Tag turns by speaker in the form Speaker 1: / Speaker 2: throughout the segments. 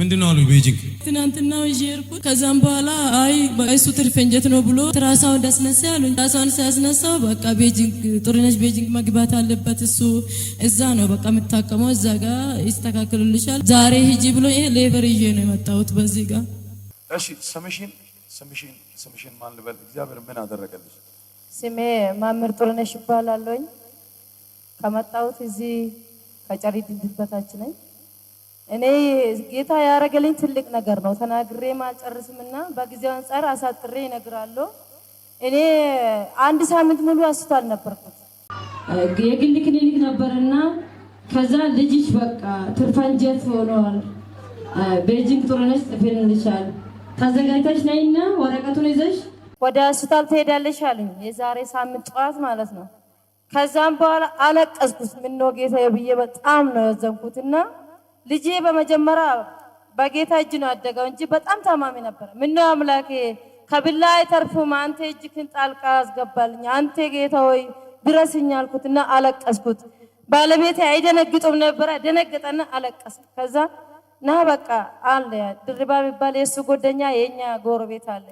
Speaker 1: ምንድነው አሉ ቤጂንግ
Speaker 2: ትናንትና ዥርኩ ከዛም በኋላ አይ እሱ ትርፍ እንጀት ነው ብሎ ትራሳው እንዳስነሳ ያሉ ትራሳውን ሲያስነሳው በቃ ቤጂንግ ጦርነች ቤጂንግ መግባት አለበት እሱ እዛ ነው በቃ የምታቀመው እዛ ጋር ይስተካክልልሻል ዛሬ ሂጂ ብሎ ይሄ ሌበር ይዤ ነው የመጣሁት በዚህ ጋር
Speaker 1: እሺ ስምሽን ስምሽን ስምሽን ማን ልበል እግዚአብሔር ምን አደረገልሽ
Speaker 3: ስሜ ማምር ጦርነሽ ይባላለኝ ከመጣሁት እዚህ ከጨሪ ድንድበታችን ነኝ እኔ ጌታ ያደረገልኝ ትልቅ ነገር ነው። ተናግሬ አልጨርስም እና በጊዜው አንጻር አሳጥሬ ይነግራለሁ። እኔ አንድ ሳምንት ሙሉ አስቷል ነበርኩት።
Speaker 2: የግል ክሊኒክ ነበርና ከዛ ልጅሽ በቃ ትርፈንጀት ሆነዋል። ቤጂንግ ጥሩነሽ ጥፍንልሻል፣ ተዘጋጅተሽ ነይና ወረቀቱን ይዘሽ
Speaker 3: ወደ ሆስፒታል ትሄዳለሽ አለኝ። የዛሬ ሳምንት ጠዋት ማለት ነው። ከዛም በኋላ አለቀስኩት። ምነው ጌታ ብዬ በጣም ነው ያዘንኩትና ልጄ በመጀመሪያ በጌታ እጅ ነው ያደገው እንጂ በጣም ታማሚ ነበር። ምነው አምላኬ ከብላ አይተርፍም፣ አንተ ክን ጣልቃ አስገባልኝ፣ አንተ ጌታ ሆይ ድረስኝ አልኩትና አለቀስኩት። ባለቤቴ አይደነግጡም ነበረ፣ ደነገጠና አለቀስ። ከዛ ና በቃ አለ ድርባ የሚባል የእሱ ጎደኛ የእኛ ጎረቤት አለ።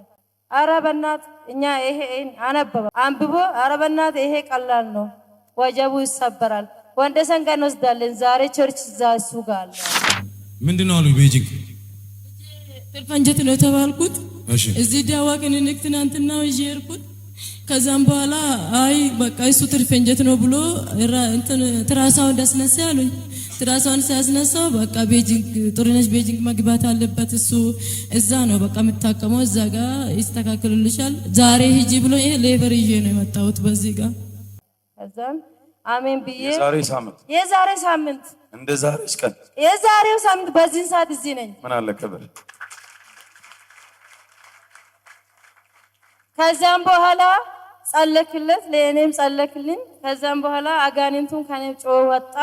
Speaker 3: አረ በናት እኛ ይሄ አነበበ አንብቦ አረ በናት ይሄ ቀላል ነው፣ ወጀቡ ይሰበራል ወንደሰን ቀን እንወስዳለን። ዛሬ ቸርች እዛ እሱ ጋር አለ።
Speaker 1: ምንድን ነው አሉ ቤጂንግ
Speaker 2: ትርፈንጀት ነው የተባልኩት። እዚህ ዳዋ ክሊኒክ ትናንትና ይዤ ሄድኩት። ከዛም በኋላ አይ በቃ እሱ ትርፈንጀት ነው ብሎ ትራሳውን እንዳስነሳ አሉኝ። ትራሳውን ሲያስነሳው በቃ ቤጂንግ ጥሩነሽ ቤጂንግ መግባት አለበት እሱ እዛ ነው በቃ የምታከመው፣ እዛ ጋር ይስተካክልልሻል። ዛሬ ሂጂ ብሎ ይሄ ሌበር ይዤ ነው የመጣሁት በዚህ ጋር
Speaker 3: አሜን ብዬ
Speaker 1: የዛሬ ሳምንት
Speaker 3: የዛሬ ሳምንት
Speaker 1: እንደ ዛሬ ቀን
Speaker 3: የዛሬው ሳምንት በዚህን ሰዓት እዚህ ነኝ። ምን አለ ክብር። ከዚያም በኋላ ጸለክለት፣ ለእኔም ጸለክልኝ። ከዚያም በኋላ አጋንንቱን ከኔ ጮ ወጣ።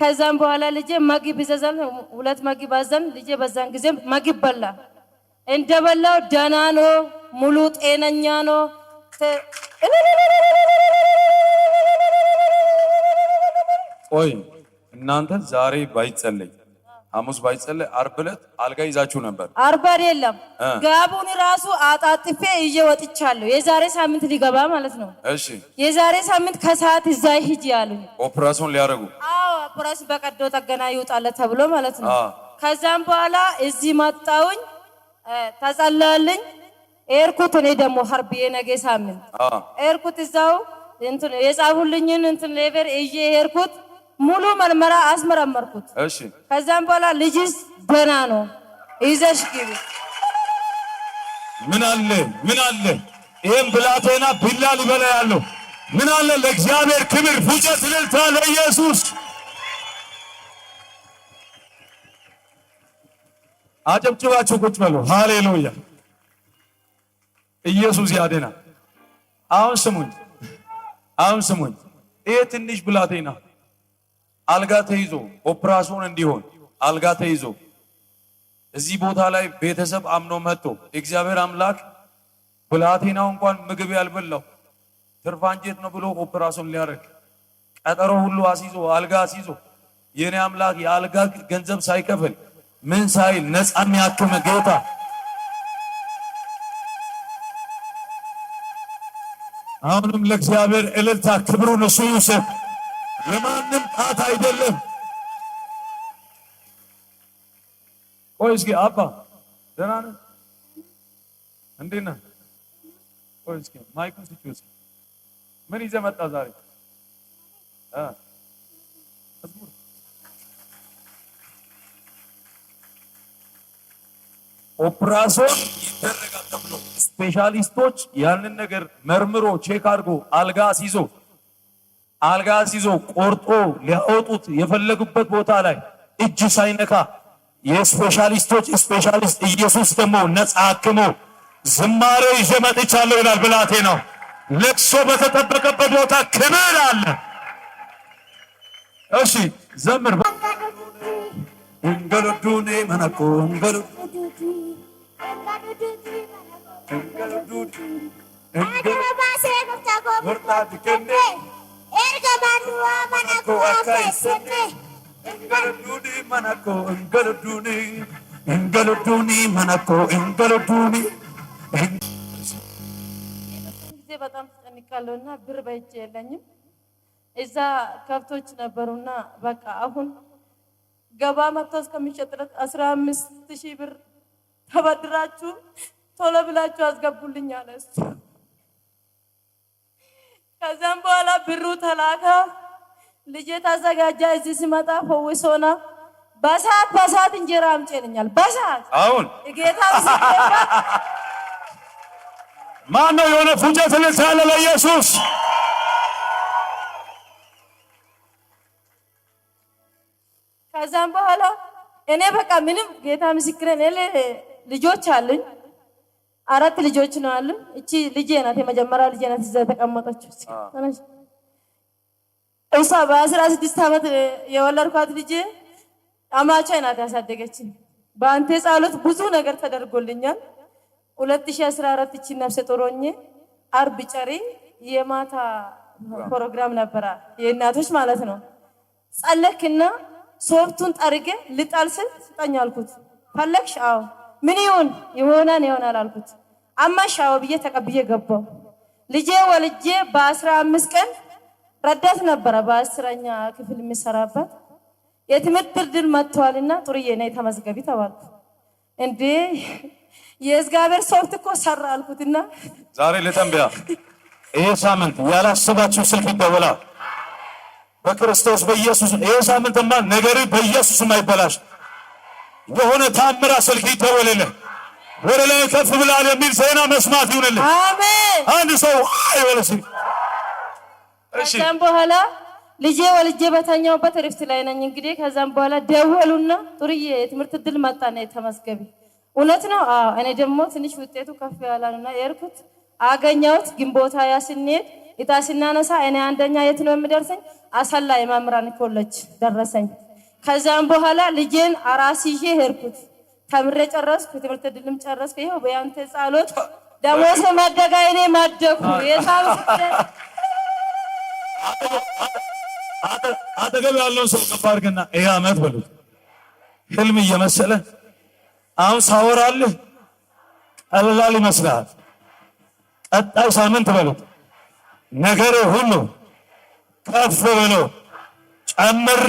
Speaker 3: ከዛም በኋላ ልጄ ምግብ ይዘዛል። ሁለት ምግብ አዘን ልጄ በዛን ጊዜ ምግብ በላ። እንደበላው ደህና ነው፣ ሙሉ ጤነኛ ነው።
Speaker 1: ቆይ እናንተ ዛሬ ባይጸለይ ሐሙስ ባይጸለይ አርብ ዕለት አልጋ ይዛችሁ ነበር።
Speaker 3: አርብ አይደለም ጋቡን ራሱ አጣጥፌ ይዤ ወጥቻለሁ። የዛሬ ሳምንት ሊገባ ማለት ነው። እሺ የዛሬ ሳምንት ከሰዓት እዛ ሂጅ ያሉኝ
Speaker 1: ኦፕራሲዮን ሊያደርጉ
Speaker 3: ኦፕራሽን በቀዶ ጥገና ይውጣለ ተብሎ ማለት ነው። ከዛም በኋላ እዚህ መጣውኝ ተጸለልኝ ኤርኩት እኔ ደግሞ ሀርብዬ ነገ ሳምንት ኤርኩት እዛው እንትን የጻፉልኝን እንትን ሌቨር እዬ ኤርኩት ሙሉ መርመራ አስመረመርኩት። እሺ ከዛም በኋላ ልጅስ ደህና ነው ይዘሽ ግቢ።
Speaker 1: ምን አለ ምን አለ ይሄን ብላቴና ቢላ ሊበላ ያለው ምን አለ ለእግዚአብሔር ክብር ፉጨት ልልታ ለኢየሱስ አጨብጭባችሁ ቁጭ በሉ። ሃሌሉያ! ኢየሱስ ያድናል። አሁን ስሙኝ፣ አሁን ስሙኝ። ይሄ ትንሽ ብላቴና አልጋ ተይዞ ኦፕራሽን እንዲሆን አልጋ ተይዞ እዚህ ቦታ ላይ ቤተሰብ አምኖ መጥቶ እግዚአብሔር አምላክ ብላቴናው እንኳን ምግብ ያልበላው ትርፋንጀት ነው ብሎ ኦፕራሽን ሊያደርግ ቀጠሮ ሁሉ አስይዞ አልጋ አስይዞ የኔ አምላክ የአልጋ ገንዘብ ሳይከፍል ምን ሳይል ነፃ የሚያክም ጌታ አሁንም ለእግዚአብሔር እልልታ ክብሩን እሱ ይውሰድ። የማንም ጣት አይደለም። ቆይ እስኪ አባ ደህና ነህ? እንዴት ነህ? ቆይ እስኪ ማይኩን ስጪው እስኪ። ምን ይዘህ መጣ ዛሬ? ኦፕራሶን ይደረጋል ተብሎ ስፔሻሊስቶች ያንን ነገር መርምሮ ቼክ አድርጎ አልጋ ሲዞ አልጋ ሲዞ ቆርጦ ሊያወጡት የፈለጉበት ቦታ ላይ እጅ ሳይነካ የስፔሻሊስቶች ስፔሻሊስት ኢየሱስ ደግሞ ነፃ አክሞ ዝማሬ ይዤ መጥቻለሁ ይላል። ብላቴ ነው ለቅሶ በተጠበቀበት ቦታ ክብር አለ። እሺ ዘምር እንገሎዱኔ መነኮ እንገሎዱ ጊዜ
Speaker 3: በጣም ተጨንቃለሁ እና ብር በእጅ የለኝም። እዛ ከብቶች ነበሩና በቃ አሁን ገባ መጥቶ እስከሚሸጥ ድረስ አስራ አምስት ሺህ ብር ተበድራችሁ ቶሎ ብላችሁ አስገቡልኝ አለ እሱ። ከዚያም በኋላ ብሩ ተላከ። ልጄ ተዘጋጃ። እዚህ ሲመጣ ፈውሶና በሰዓት በሰዓት እንጀራ አምጪልኛል። በሰዓት
Speaker 1: አሁን ጌታ ማን ነው? የሆነ ፉጨት ልልታ ያለ ለኢየሱስ
Speaker 3: ከዛም በኋላ እኔ በቃ ምንም ጌታ ምስክሬን ልጆች አሉኝ። አራት ልጆች ነው አሉኝ። እቺ ልጄ ናት፣ የመጀመሪያ ልጄ ናት እዛ ተቀመጠች እሷ በአስራ ስድስት ዓመት የወለድኳት ልጄ አማቿ ናት ያሳደገችኝ። በአንቴ ጸሎት ብዙ ነገር ተደርጎልኛል። ሁለት ሺህ አስራ አራት እቺ ነፍሰ ጡር አርብ ጨሬ የማታ ፕሮግራም ነበረ የእናቶች ማለት ነው። ጸለክና ሶፍቱን ጠርጌ ልጣል ስል ስጠኝ አልኩት። ፈለግሽ? አዎ ምን ይሁን ይሆናል ይሆናል አልኩት። አማሻው ብዬ ተቀብዬ ገባው። ልጄ ወልጄ በአስራ አምስት ቀን ረዳት ነበረ በአስረኛ ክፍል የሚሰራበት የትምህርት ድልድል መጥተዋልና ጥሩዬ ነይ ተመዝገቢ ተባልኩ። እንዴ የእግዚአብሔር ሶፍት እኮ ሰራ አልኩትና
Speaker 1: ዛሬ ለተንበያ ይሄ ሳምንት ያላሰባችሁ ስልክ ይደወላል። በክርስቶስ በኢየሱስ ይሄ ሳምንትማ ነገሪ በኢየሱስ የማይበላሽ በሆነ ታምር ስልክ ይደወልልህ። ወደ ላይ ከፍ ብላል የሚል ዜና መስማት ይሁንልህ። አንድ ሰው አይ
Speaker 3: ከዛም በኋላ ልጄ ወልጄ በተኛውበት ሪፍት ላይ ነኝ። እንግዲህ ከዛም በኋላ ደወሉና ጥሩዬ የትምህርት እድል መጣ ነው ተመዝገቢ። እውነት ነው። አዎ እኔ ደግሞ ትንሽ ውጤቱ ከፍ ያላልና የርኩት አገኘሁት። ግንቦት ያ ስንሄድ እጣ ስናነሳ እኔ አንደኛ የት ነው የምደርሰኝ? አሰላ የመምህራን ኮሌጅ ደረሰኝ። ከዛም በኋላ ልጄን አራስ ይዤ ሄድኩት። ተምሬ ጨረስኩ። ትምህርት ድልም ጨረስኩ። ይኸው በያንተ ጻሎት ደሞሴ ማደጋ እኔ ማደኩ የሳብ
Speaker 1: አጠገብ ያለውን ሰው ከፍ አድርግና ይህ አመት በሉት ህልም እየመሰለ አሁን ሳወራልህ ቀላል ይመስልሃል። ቀጣይ ሳምንት በሉት ነገር ሁሉ ከፍ ብሎ ጨምሬ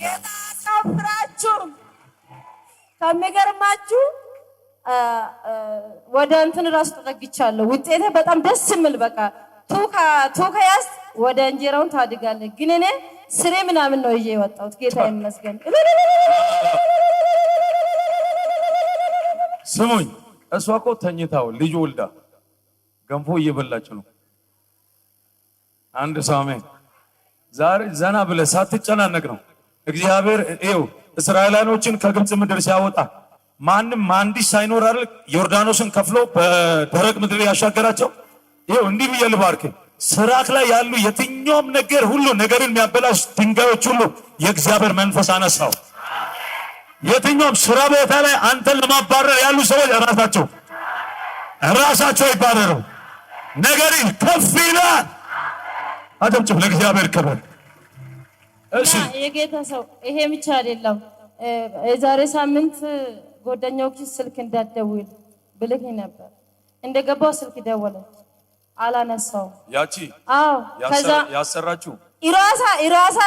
Speaker 3: ጌታ ሰፍራችሁ ከሚገርማችሁ ወደ እንትን ራሱ ተጠግቻለሁ። ውጤቴ በጣም ደስ የሚል በቃ ቱካ ያዝ ወደ እንጀራውን ታድጋለህ። ግን እኔ ስሬ ምናምን ነው ይዤ የወጣሁት። ጌታ ይመስገን።
Speaker 1: ስሙኝ፣ እሷ እኮ ተኝታው ልጅ ወልዳ ገንፎ እየበላች ነው። አንድ ሳሜ ዛሬ ዘና ብለ ሳትጨናነቅ ነው እግዚአብሔር ይኸው እስራኤላኖችን ከግብፅ ምድር ሲያወጣ ማንም መሐንዲስ ሳይኖር አይደል ዮርዳኖስን ከፍሎ በደረቅ ምድር ያሻገራቸው። ይኸው እንዲህ ብዬ ልባርክ፣ ስራክ ላይ ያሉ የትኛውም ነገር ሁሉ ነገርን የሚያበላሽ ድንጋዮች ሁሉ የእግዚአብሔር መንፈስ አነሳው። የትኛውም ስራ ቦታ ላይ አንተን ለማባረር ያሉ ሰዎች ራሳቸው ራሳቸው ይባረሩ። ነገርን ከፍ ይላል። አጨብጭብ ለእግዚአብሔር ክብር
Speaker 3: የጌታ ሰው ይሄ ብቻ አይደለም። የዛሬ ሳምንት ጓደኛው ኪስ ስልክ እንዳትደውል ብልህ ነበር። እንደገባው ስልክ ደወለች፣ አላነሳው ያቺ አዎ፣
Speaker 1: ከዛ ያሰራችሁ
Speaker 3: ኢራሳ ኢራሳ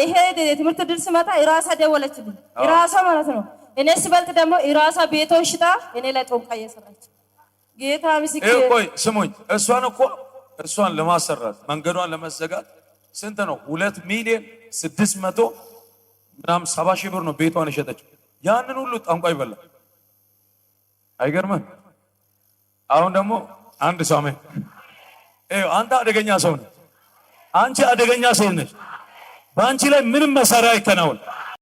Speaker 3: ይሄ ትምህርት ድል ስመጣ ኢራሳ ደወለችልኝ። ኢራሳ ማለት ነው። እኔ ስበልጥ ደግሞ ኢራሳ ቤቶን ሽጣ እኔ ላይ ጦምቃ እየሰራች ጌታ ምስክር።
Speaker 1: ቆይ ስሙኝ፣ እሷን እኮ እሷን ለማሰራት መንገዷን ለመዘጋት ስንት ነው? ሁለት ሚሊዮን ስድስት መቶ ምናምን ሰባ ሺህ ብር ነው ቤቷን የሸጠችው። ያንን ሁሉ ጠንቋይ በላ። አይገርምም? አሁን ደግሞ አንድ ሳሜ አንተ አደገኛ ሰው ነህ። አንቺ አደገኛ ሴት ነች። በአንቺ ላይ ምንም መሳሪያ አይከናወን